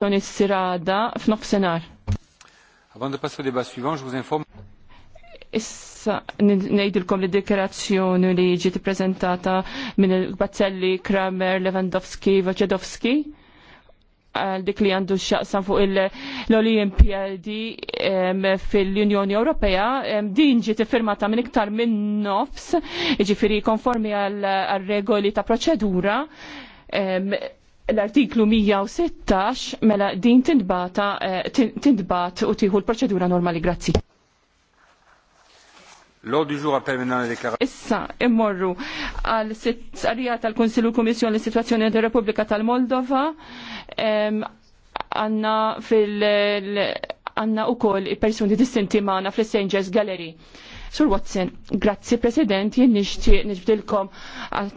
Tony Sirada f'nofsenar. Avant de passer au débat suivant, je vous informe. Issa ngħidilkom li dikerazzjoni li ġiet ippreżentata minn il-Bazzelli, Kramer, Lewandowski, Wojciechowski għal dik li għandu xaqsan fuq l PLD fil-Unjoni Ewropea, din ġiet firmata minn iktar minn nofs, ġifiri konformi għal regoli ta' proċedura l-artiklu 116 mela din tindbata eh, tindbat u tieħu l-proċedura normali grazzi. L-ordni ġura deklarazzjoni. Issa immorru għal sitzarija tal-Konsilu Kummissjoni l-Situazzjoni tal Repubblika tal-Moldova għanna fil għanna u koll personi distinti maħna fl Gallery. Sur Watson, grazzi President, jien nixtieq għal